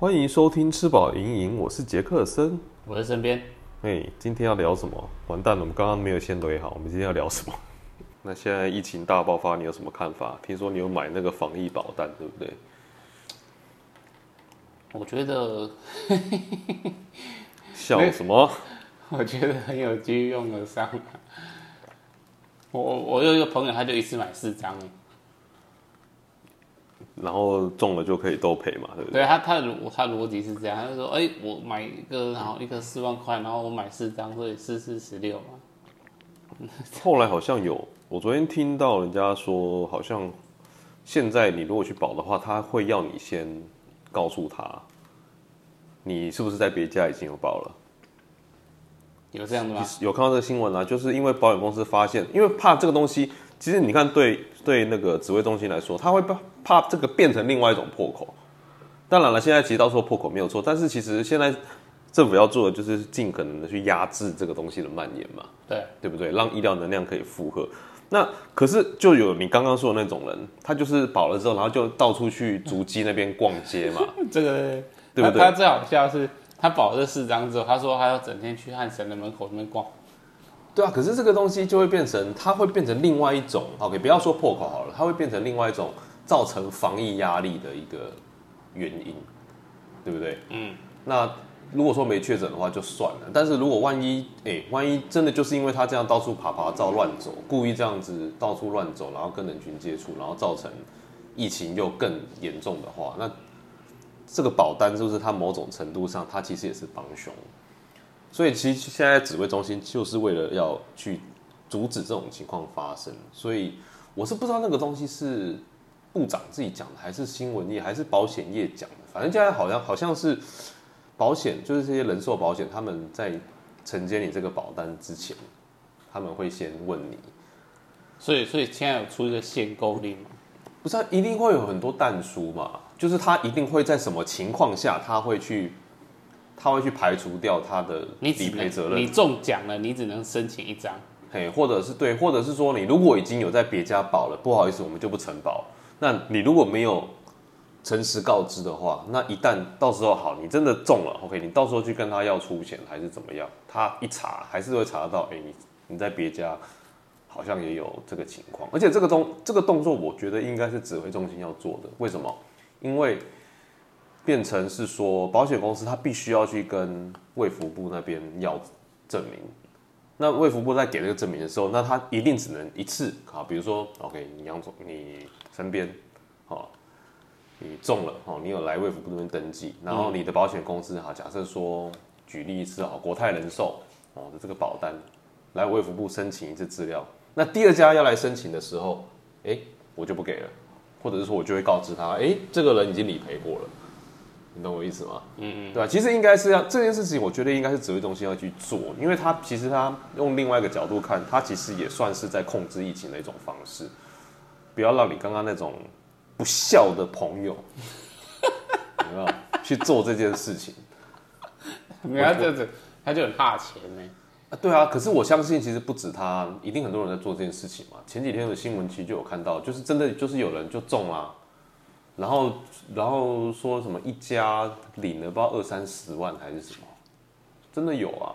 歡迎收聽《吃飽營營》，我是傑克森，我在身邊。嘿、欸，今天要聊什麼？完蛋了，我們剛剛沒有先錄也好。我們今天要聊什麼？ 那現在疫情大爆發，你有什麼看法？聽說你有買那個防疫保單，對不對？我覺得，笑，笑什麼？ 我覺得很有機會用得上。我我我有一個朋友，他就一次買四張。然後中了就可以都賠嘛，對不對？對他，他邏他邏輯是這樣，他就說：哎，我買一個，然後一個四萬塊，然後我買四張，所以四四十六嘛。後來好像有，我昨天聽到人家說，好像現在你如果去保的話，他會要你先告訴他，你是不是在別家已經有保了？有這樣的嗎？有看到這個新聞啊？就是因為保險公司發現，因為怕這個東西。其實你看對，對對那個指揮中心來說，他會怕怕這個變成另外一種破口。當然了，現在其實到時候破口沒有錯，但是其實現在政府要做的就是盡可能的去壓制這個東西的蔓延嘛。對，對不對？讓醫療能量可以負荷。那可是就有你剛剛說的那種人，他就是保了之後，然後就到處去足跡那邊逛街嘛。 這個對,對,對不對？他最好笑的是，他保了這四張之後，他說他要整天去漢神的門口那邊逛。對啊，可是這個東西就會變成，它會變成另外一種，OK，不要說破口好了，它會變成另外一種造成防疫壓力的一個原因，對不對？嗯，那如果說沒確診的話就算了，但是如果萬一，哎、欸，萬一真的就是因為他這樣到處趴趴、照亂走，故意這樣子到處亂走，然後跟人群接觸，然後造成疫情又更嚴重的話，那這個保單是不是他某種程度上，他其實也是幫兇？所以其實現在指揮中心就是為了要去阻止這種情況發生，所以我是不知道那個東西是部長自己講的，還是新聞業，還是保險業講的。反正現在好像好像是保險，就是這些人壽保險，他們在承接你這個保單之前，他們會先問你、啊。所以，所以現在有出一個限購令，不是一定會有很多但書嘛？就是他一定會在什麼情況下他會去？他會去排除掉他的理賠責任你。你中獎了，你只能申請一張。嘿，或者是對，或者是說你如果已經有在別家保了，不好意思，我們就不承保。那你如果沒有誠實告知的話，那一旦到時候好，你真的中了，OK，你到時候去跟他要出險還是怎麼樣，他一查還是會查得到。哎、欸，你你在別家好像也有這個情況，而且這個動這個動作，我覺得應該是指揮中心要做的。為什麼？因為。變成是說，保險公司它必須要去跟衛福部那邊要證明。那衛福部在給這個證明的時候，那他一定只能一次啊。比如說，OK，楊總，你身邊，哦，你中了哦，你有來衛福部那邊登記，然後你的保險公司哈，假設說，舉例一次國泰人壽哦的這個保單來衛福部申請一次資料。那第二家要來申請的時候，欸，我就不給了，或者是說我就會告知他，誒、欸，這個人已經理賠過了。你懂我意思嗎？嗯嗯，對吧？其實應該是要這，這件事情，我覺得應該是指揮中心要去做，因為他其實他用另外一個角度看，他其實也算是在控制疫情的一種方式，不要讓你剛剛那種不孝的朋友， 你有有去做這件事情。子， 他就很怕錢呢、啊。對啊，可是我相信，其實不止他，一定很多人在做這件事情嘛。前幾天的新聞其實就有看到，就是真的就是有人就中了、啊。然後，然後說什麼一家領了不知道二三十萬還是什麼，真的有啊？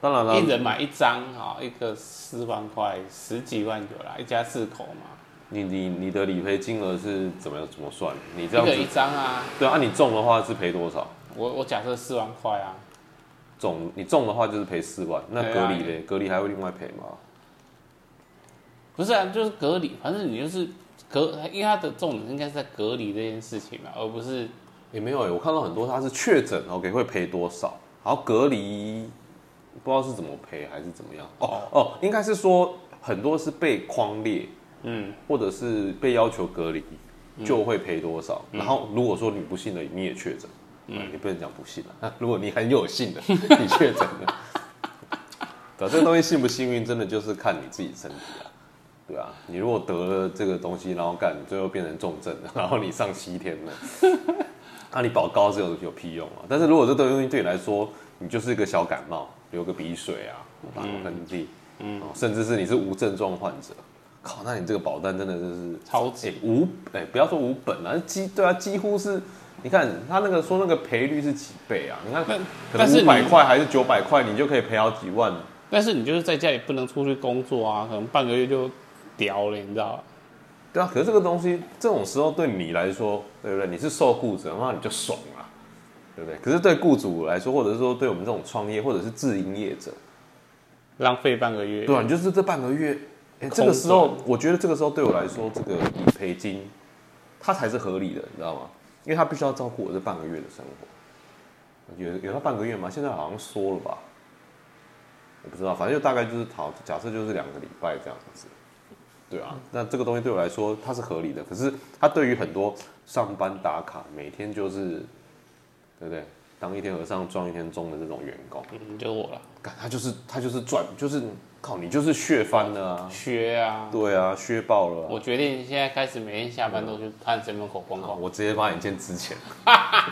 當然了，一人買一張哈，一個四萬塊，十幾萬有啦，一家四口嘛。你你你的理賠金額是怎麼樣怎麼算？你這樣子。一,一張啊。對啊，你中的話是賠多少？我我假設四萬塊啊。中你中的話就是賠四萬，那隔離嘞、啊？隔離還會另外賠嗎？不是啊，就是隔離，反正你就是。隔，因為它的重點應該是在隔離這件事情嘛，而不是也、欸、沒有、欸、我看到很多它是確診，OK 會賠多少，然後隔離不知道是怎麼賠還是怎麼樣。哦哦，應該是說很多是被匡列，嗯，或者是被要求隔離就會賠多少、嗯。然後如果說你不幸的你也確診，嗯、欸，你不能講不幸了、啊，如果你很有幸的 你確診了，對，這個東西幸不幸運真的就是看你自己身體、啊。對啊，你如果得了這個東西，然後幹最後變成重症了，然後你上西天了，那、 啊、你保高是有有屁用啊？但是如果這東西對你來說，你就是一個小感冒，流個鼻水啊，打噴嚏，嗯，甚至是你是無症狀患者，靠，那你這個保單真的是超級、欸、無哎、欸，不要說無本啊，幾對啊，幾乎是，你看他那個說那個賠率是幾倍啊？你看，可能五百塊還是九百塊，你就可以賠好幾萬，但是你就是在家也不能出去工作啊，可能半個月就掉了，你知道吧？對啊，可是這個東西，這種時候對你來說，對不對？你是受僱者的話，那你就爽了，啊，對不對？可是對僱主來說，或者是說對我們這種創業或者是自營業者，浪費半個月，對，啊、你就是這半個月。哎、欸，這個時候，我覺得這個時候對我來說，這個理賠金，它才是合理的，你知道嗎？因為他必須要照顧我這半個月的生活。有有到半個月嗎？現在好像說了吧，我不知道，反正就大概就是討假設就是兩個禮拜這樣子。對啊，那這個東西對我來說它是合理的，可是它對於很多上班打卡，每天就是，對不對？當一天和尚撞一天鐘的這種員工，嗯，就我了，幹他就是他就是賺，就是靠你就是削翻了啊，削啊，對啊，削爆了，啊。我決定現在開始每天下班都去漢神門口逛逛，嗯嗯，我直接把眼鏡值錢，哈哈。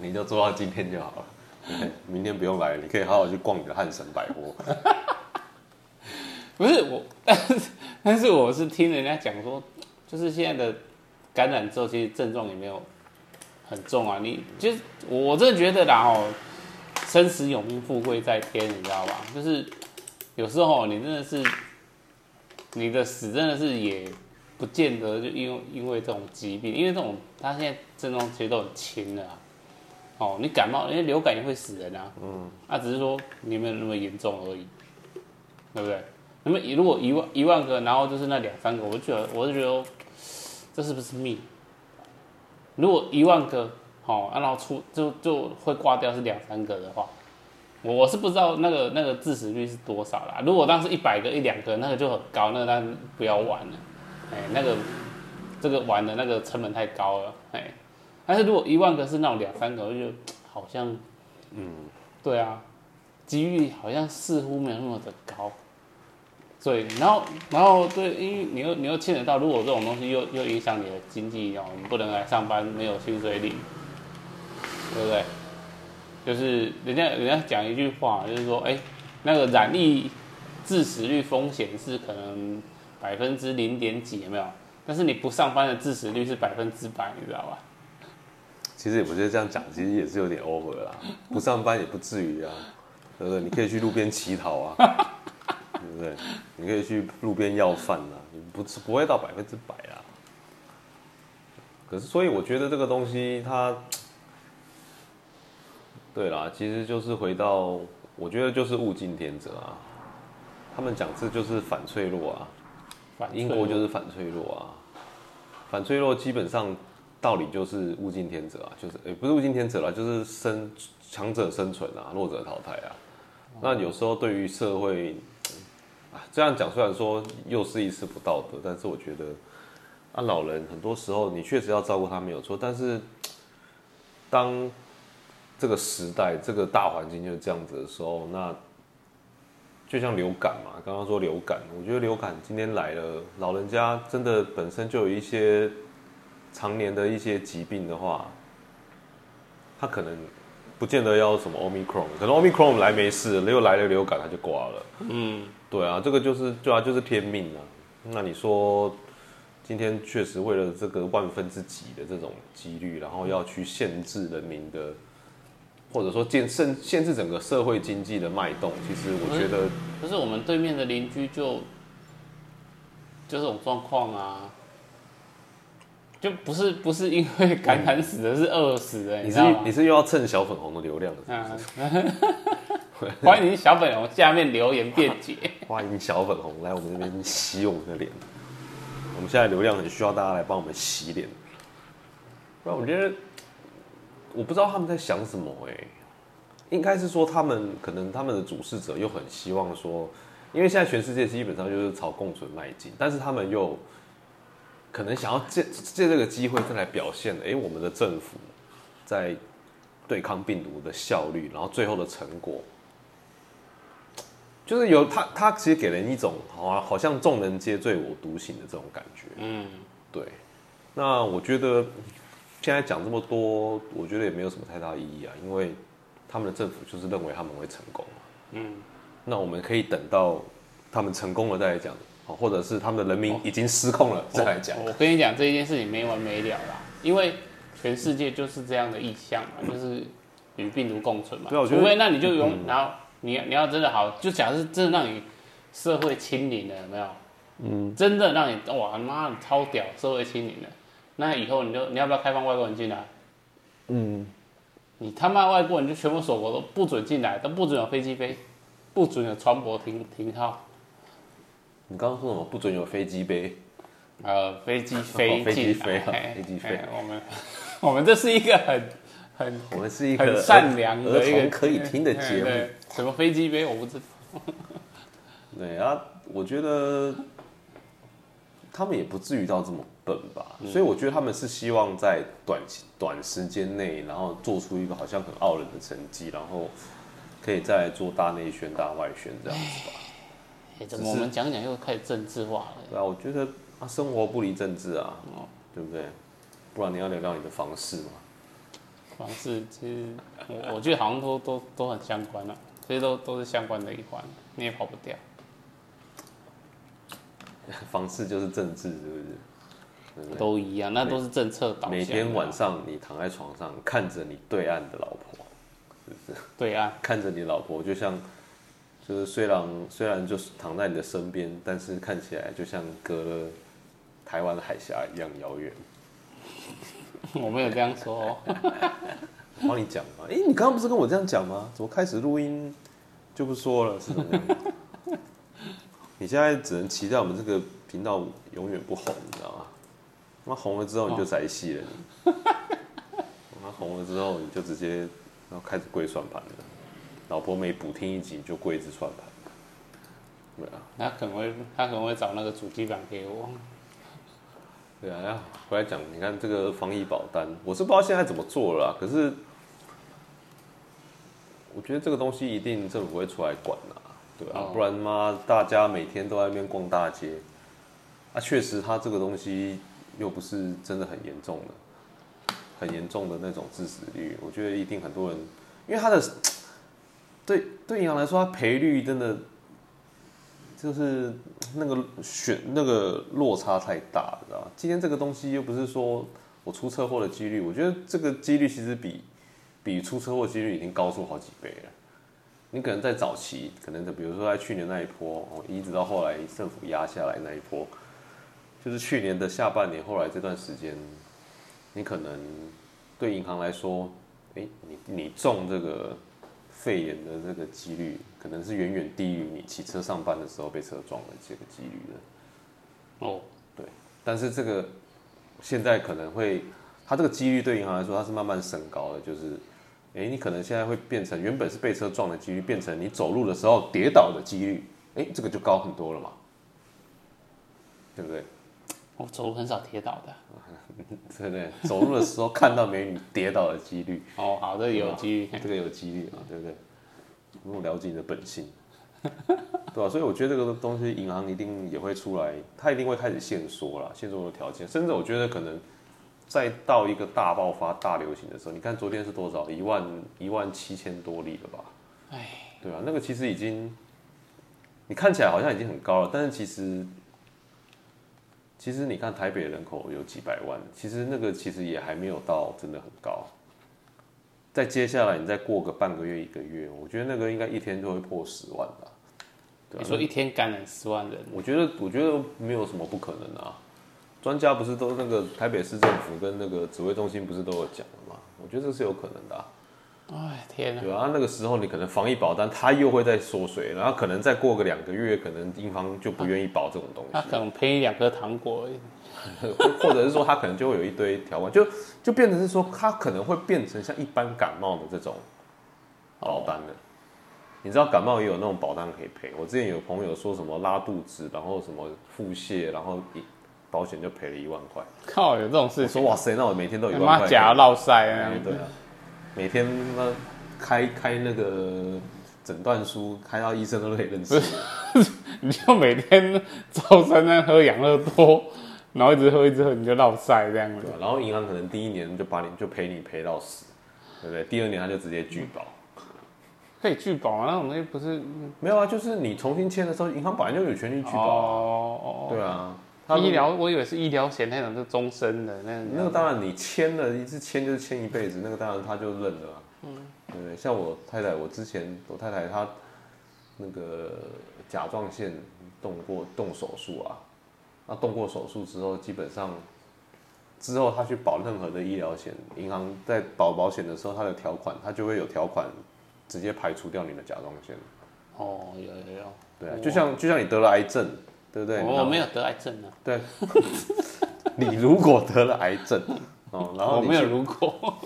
你就做到今天就好了，明天不用來了，你可以好好去逛你的漢神百貨。 不是我，但是但是我是聽人家講說，就是現在的感染之後，其實症狀也沒有很重啊。你就是我真的覺得啦，哦，生死有命，富貴在天，你知道吧？就是有時候你真的是你的死，真的是也不見得就因為因為這種疾病，因為這種他現在症狀其實都很輕的啊。哦，你感冒，因為流感也會死人啊。嗯，啊，只是說你沒有那麼嚴重而已，對不對？那麼，如果一萬一萬個，然後就是那兩三個，我就我就覺得，這是不是命？如果一萬個好，然後出就就會掛掉是兩三個的話，我是不知道那個那個致死率是多少啦。如果當時一百個一兩個，那個就很高，那個當然不要玩了。哎，欸，那個這個玩的那個成本太高了。哎，欸，但是如果一萬個是那種兩三個，就好像，嗯，對啊，幾率好像似乎沒有那麼的高。對，然後，然後，對，因為你又，你又牽扯到，如果這種東西又，又影響你的經濟哦，你不能來上班，沒有薪水領，對不對？就是人家人家講一句話，就是說，哎，那個染疫致死率風險是可能百分之零點幾，有沒有？但是你不上班的致死率是百分之百，你知道吧？其實我覺得這樣講，其實也是有點 over 啦，不上班也不至於啊，對不對？你可以去路邊乞討啊。 對不對？你可以去路邊要飯，你不吃，不會到百分之百啊。可是，所以我覺得這個東西，它，對啦，其實就是回到，我覺得就是物競天擇啊。他們講這就是反脆弱啊，反脆弱，英國就是反脆弱啊。反脆弱基本上道理就是物競天擇啊，就是，也不是物競天擇了，就是生強者生存啊，弱者淘汰啊、哦。那有時候對於社會。這樣講雖然說又是一次不道德，但是我覺得，啊，老人很多時候你確實要照顧他沒有錯，但是，當這個時代這個大環境就是這樣子的時候，那就像流感嘛，剛剛說流感，我覺得流感今天來了，老人家真的本身就有一些常年的一些疾病的話，他可能不見得要什麼 Omicron，可能 Omicron 來沒事，又來了流感他就掛了，嗯。對啊，這個就是對啊，就是天命啊。那你說，今天確實為了這個萬分之幾的這種幾率，然後要去限制人民的，或者說甚限制整個社會經濟的脈動，其實我覺得可，可是我們對面的鄰居就就這種狀況啊。就不是不是因為感染死，死的，是餓死的，你知道嗎？你是你是又要蹭小粉紅的流量了， 歡迎小粉紅下面留言辯解，歡迎小粉紅來我們這邊洗我們的臉， 我們現在流量很需要大家來幫我們洗臉，不然我覺得我不知道他們在想什麼哎、欸，應該是說他們可能他們的主事者又很希望說，因為現在全世界基本上就是朝共存邁進，但是他們又。可能想要借借這個機會再來表現，誒、欸，我們的政府在對抗病毒的效率，然後最後的成果，就是有他，他其實給人一種好，好像眾人皆醉我獨醒的這種感覺。嗯，對。那我覺得現在講這麼多，我覺得也沒有什麼太大意義啊，因為他們的政府就是認為他們會成功。嗯，那我們可以等到他們成功了再來講。或者是他們的人民已經失控了，哦、再來講我。我跟你講，這一件事情沒完沒了啦，因為全世界就是這樣的意向嘛，就是與病毒共存嘛。對，我覺得。除非那你就用、嗯，然後你你要真的好，就假設是真的讓你社會清零了，有沒有？嗯。真的讓你哇媽的超屌，社會清零了，那以後你就你要不要開放外國人進來？嗯。你他媽外國人就全部鎖國，都不准進來，都不准有飛機飛，不准有船舶停停靠。你剛剛說什麼？不准有飛機杯？呃，飛機飛，哦，飛機飛啊，飛機飛。我們，我們這是一個很很，我們是一個很善良兒童可以聽的節目。嘿嘿，對。什麼飛機杯？我不知道。 對啊，我覺得他們也不至於到這麼笨吧。所以我覺得他們是希望在短期短時間內，然後做出一個好像很傲人的成績，然後可以再做大內宣、大外宣這樣子吧。欸、我們講講又開始政治化了。對啊，我覺得、啊、生活不離政治啊、嗯，對不對？不然你要聊聊你的房事嘛。房事其實我我覺得好像都都都很相關啊，其實都都是相關的一環，你也跑不掉。房事就是政治，是不是對不對？都一樣，那都是政策導向、啊、每、每天晚上你躺在床上看着你對岸的老婆，是不是？對岸、啊、看着你老婆，就像。就是雖然雖然就是躺在你的身邊，但是看起來就像隔了台灣的海峽一樣遙遠。我沒有這樣說， 我幫你講嘛。哎，你剛剛不是跟我這樣講嗎？怎麼開始錄音就不說了？是怎麼樣？你現在只能期待我們這個頻道永遠不紅，你知道嗎？那紅了之後你就窄戲了你，那紅了之後你就直接然後開始跪算盤了。老婆每補聽一集，就跪一串算盤。對啊，他可能會，他可能會找那個主機板給我。對啊，要、啊、回來講，你看這個防疫保單，我是不知道現在怎麼做了，可是我覺得這個東西一定政府會出來管啊，對啊，不然嘛，大家每天都在那邊逛大街，那確實他這個東西又不是真的很嚴重的，很嚴重的那種致死率，我覺得一定很多人，因為他的。對對銀行來說，它賠率真的就是那個選那個落差太大了，知道吧？今天這個東西又不是說我出車禍的幾率，我覺得這個幾率其實比比出車禍幾率已經高出好幾倍了。你可能在早期，可能比如說在去年那一波，一直到後來政府壓下來那一波，就是去年的下半年，後來這段時間，你可能對銀行來說，哎，你你中這個。肺炎的這個幾率可能是遠遠低於你騎車上班的時候被車撞的這個幾率的。哦，對，但是這個現在可能會，它這個幾率對銀行來說它是慢慢升高的，就是，哎、欸，你可能現在會變成原本是被車撞的幾率，變成你走路的時候跌倒的幾率，哎、欸，這個就高很多了嘛，對不對？我走路很少跌倒的。對對，走路的時候看到美女跌倒的幾率 哦，好的有幾率，這個有幾率，這個有幾率啊，對不對？我沒有了解你的本性，對吧、啊？所以我覺得這個東西銀行一定也會出來，它一定會開始限縮了，限縮的條件，甚至我覺得可能再到一個大爆發、大流行的時候，你看昨天是多少？一萬一萬七千多例了吧？對吧、啊？那個其實已經你看起來好像已經很高了，但是其實。其實你看台北人口有幾百萬，其實那個其實也還沒有到真的很高。再接下來你再過個半個月一個月，我覺得那個應該一天就會破十萬吧、啊。你、啊、說一天感染十萬人，我覺得我覺得沒有什麼不可能啊。專家不是都那個台北市政府跟那個指揮中心不是都有講了嗎？我覺得這是有可能的、啊。哎，天啊，對啊，那個時候你可能防疫保單，它又會再縮水，然後可能再過個兩個月，可能英方就不願意保這種東西。啊、他可能賠你兩個糖果而已， 或者是說他可能就會有一堆條款，就就變成是說，它可能會變成像一般感冒的這種保單了、哦。你知道感冒也有那種保單可以賠。我之前有朋友說什麼拉肚子，然後什麼腹瀉，然後保險就賠了一萬塊。靠，有這種事情？說哇塞，那我每天都有一萬塊以。媽假鬧塞啊，對啊。每天麼開開那個診斷書，開到醫生都可以認識。你就每天早餐呢喝養樂多，然後一直喝一直喝，你就落賽這樣子、啊。然後銀行可能第一年就把你就賠你賠到死，對不對？第二年他就直接拒保、嗯。可以拒保啊，那種東西不是沒有啊，就是你重新簽的時候，銀行本來就有權利拒保、啊。哦哦哦、哦，哦哦哦、對啊。醫療，我以為是醫療險那種，是終身的那。那個當然你簽，你簽了一次簽就是簽一輩子，那個當然他就認了。嗯，對，像我太太，我之前我太太她那個甲狀腺動過動手術啊，那動過手術之後，基本上之後她去保任何的醫療險，銀行在保保險的時候的條，它的條款它就會有條款直接排除掉你的甲狀腺。哦，有有有。對啊，就像就像你得了癌症。對不對？我沒有得癌症呢、啊。對，你如果得了癌症，哦，然後我沒有如果，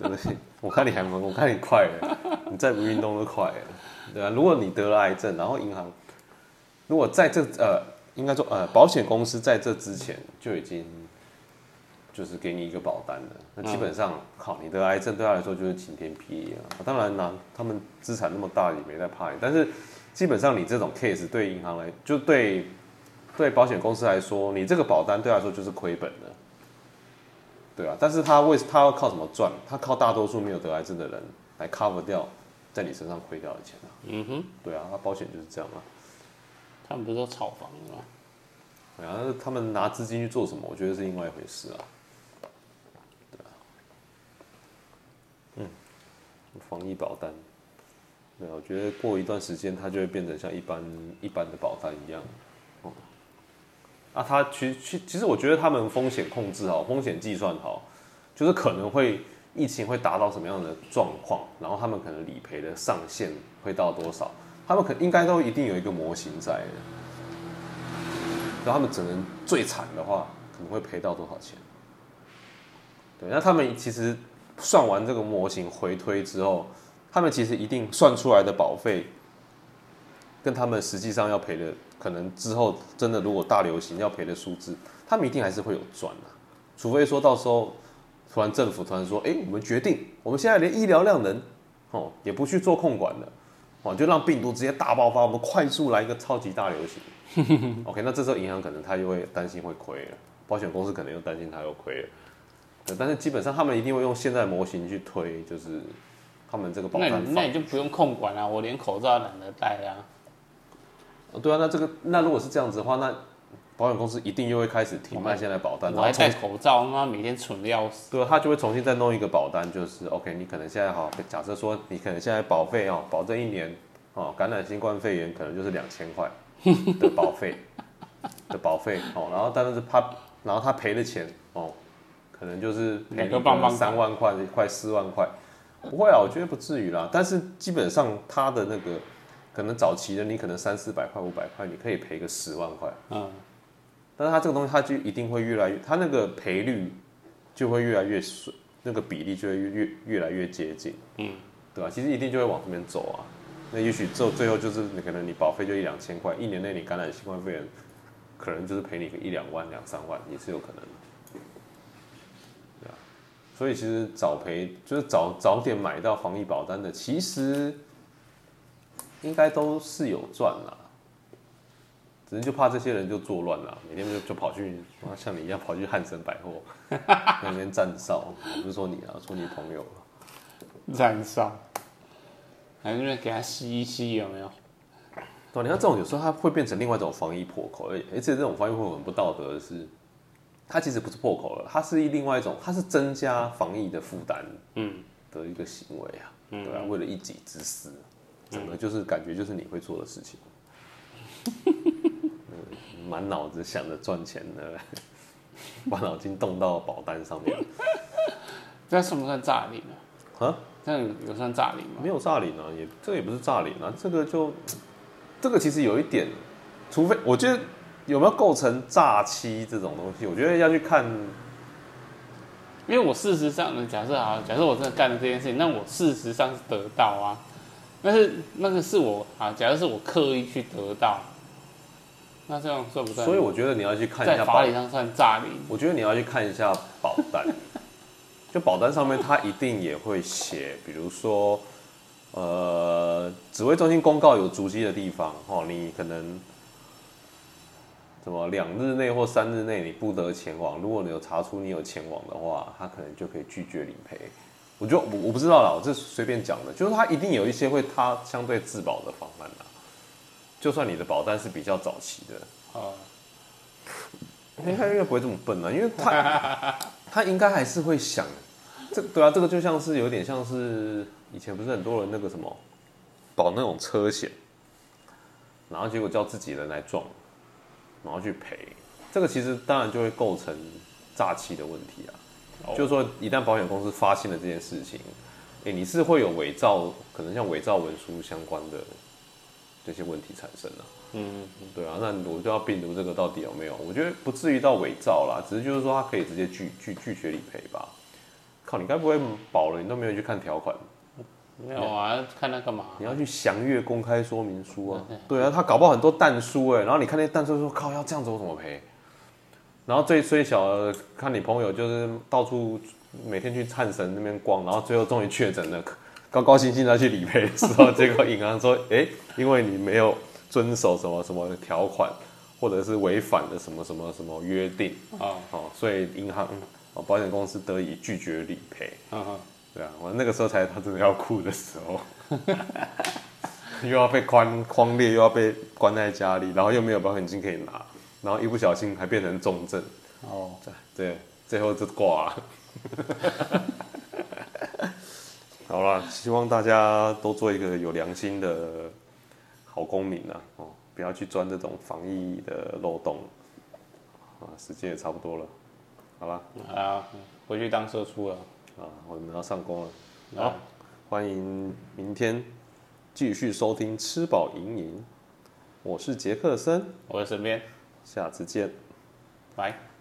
對不起，我看你還猛，我看你快了，你再不運動都快了。對啊，如果你得了癌症，然後銀行如果在這呃，應該說呃，保險公司在這之前就已經就是給你一個保單了。那基本上靠你得了癌症對他來說就是晴天霹靂了。當然呢、啊，他們資產那麼大也沒在怕你，但是基本上你這種 case 對銀行來就對。對保險公司來說，你這個保單對他來說就是虧本的，對啊。但是他為他要靠什麼賺？他靠大多數沒有得癌症的人來 cover 掉，在你身上虧掉的錢啊。嗯哼。對啊，他保險就是這樣嘛、啊。他們不是說炒房嗎？好像他們拿資金去做什麼，我覺得是另外一回事啊。嗯。防疫保單，對啊，我覺得過一段時間它就會變成像一般一般的保單一樣。啊他，他其實其其實我覺得他們風險控制好，風險計算好，就是可能會疫情會達到什麼樣的狀況，然後他們可能理賠的上限會到多少，他們可應該都一定有一個模型在的，那他們只能最慘的話可能會賠到多少錢？對，那他們其實算完這個模型回推之後，他們其實一定算出來的保費。跟他們實際上要賠的，可能之後真的如果大流行要賠的數字，他們一定還是會有賺的、啊、除非說到時候突然政府突然說，哎、欸，我們決定我們現在連醫療量能哦也不去做控管了，哦就讓病毒直接大爆發，我們快速來一個超級大流行 ，OK？那這時候銀行可能他又會擔心會虧了，保險公司可能又擔心他又虧了，但是基本上他們一定會用現在模型去推，就是他們這個保單。那你那你就不用控管了、啊，我連口罩都懶得戴啊。對啊，那這個那如果是這樣子的話，那保險公司一定又會開始停賣現在的保單。我還戴口罩，媽每天蠢的要死。對、啊，他就會重新再弄一個保單，就是 OK，你可能現在好，假設說你可能現在保費哦，保證一年哦，感染新冠肺炎可能就是兩千塊的保費 的保費哦、喔，然後但是怕，然後他賠的錢哦、喔，可能就是賠、那個三萬塊、一塊四萬塊，不會啊，我覺得不至於啦。但是基本上他的那個。可能早期的你可能三四百塊、五百塊，你可以賠個十萬塊，但是它這個東西它就一定會越來越，它那個賠率就會越來越，那個比例就會越越來越接近，嗯，對吧、啊？其實一定就會往這邊走啊，那也許就最後就是你可能你保費就一兩千塊，一年內你感染新冠肺炎，可能就是賠你個一兩萬、兩三萬，也是有可能，對，所以其實早賠就是早早點買到防疫保單的，其實。應該都是有賺啦，只是就怕這些人就作亂啦，每天就就跑去，像你一樣跑去漢神百貨 那邊站哨。不是說你啊，說你朋友了，站哨，還是那邊給他吸一吸有沒有？對，你看這種有時候他會變成另外一種防疫破口，而且而且這種防疫破口很不道德的是，他其實不是破口了，他是另外一種，他是增加防疫的負擔，嗯，的一個行為啊，嗯、對啊、嗯，為了一己之私。整個就是感覺就是你會做的事情、 嗯，滿腦子想着賺錢的， 把腦筋動到保單上面， 這算不算詐領啊？啊，這有算詐領嗎？沒有詐領啊，也這個、也不是詐領啊，這個就這個其實有一點，除非我覺得有沒有構成詐欺這種東西，我覺得要去看，因為我事實上呢，假設啊，假設我真的幹了這件事情，那我事實上是得，得到啊。但是那個是我啊，假如是我刻意去得到，那這樣算不算？所以我覺得你要去看一下法理上算詐領。我覺得你要去看一下保單， 就保單上面他一定也會寫，比如說，呃，指揮中心公告有足跡的地方哦，你可能什麼兩日內或三日內你不得前往，如果你有查出你有前往的話，他可能就可以拒絕理賠。我就我不知道啦，我這隨便講的，就是他一定有一些會他相對自保的方案啦、啊，就算你的保單是比較早期的，啊、嗯，你看人家不會這麼笨呢、啊、因為他他應該還是會想，這對啊，這個就像是有點像是以前不是很多人那個什麼保那種車險，然後結果叫自己人來撞，然後去賠，這個其實當然就會構成詐欺的問題啊。就是說一旦保險公司發現了這件事情，哎、欸，你是會有偽造，可能像偽造文書相關的這些問題產生啊。嗯，對啊，那我就要病毒這個到底有沒有？我覺得不至於到偽造啦，只是就是說他可以直接拒拒拒絕理賠吧。靠，你該不會保了你都沒有去看條款？沒有啊，看那幹嘛？你要去詳閱公開說明書啊。對啊，他搞不好很多但書哎、欸，然後你看那些但書就說靠，要這樣子我怎麼賠？然後最衰小的看你朋友就是到處每天去燦神那邊逛，然後最後終於確診了，高高興興的去理賠的時候，結果銀行說，誒，因為你沒有遵守什麼什麼條款，或者是違反了什麼什麼什麼約定啊，oh. 哦，所以銀行哦保險公司得以拒絕理賠。啊對啊，我那個時候才他真的要哭的時候，又要被匡列，又要被關在家裡，然後又沒有保險金可以拿。然後一不小心還變成重症哦，oh. 對，最後就掛了。 好了，希望大家都做一個有良心的好公民吶、啊！哦，不要去鑽這種防疫的漏洞。啊，時間也差不多了，好吧？啊，回去當社畜了。啊，我們要上工了。好、哦，歡迎明天繼續收聽《吃飽盈盈》，我是杰克森，我的身邊。下次見，拜。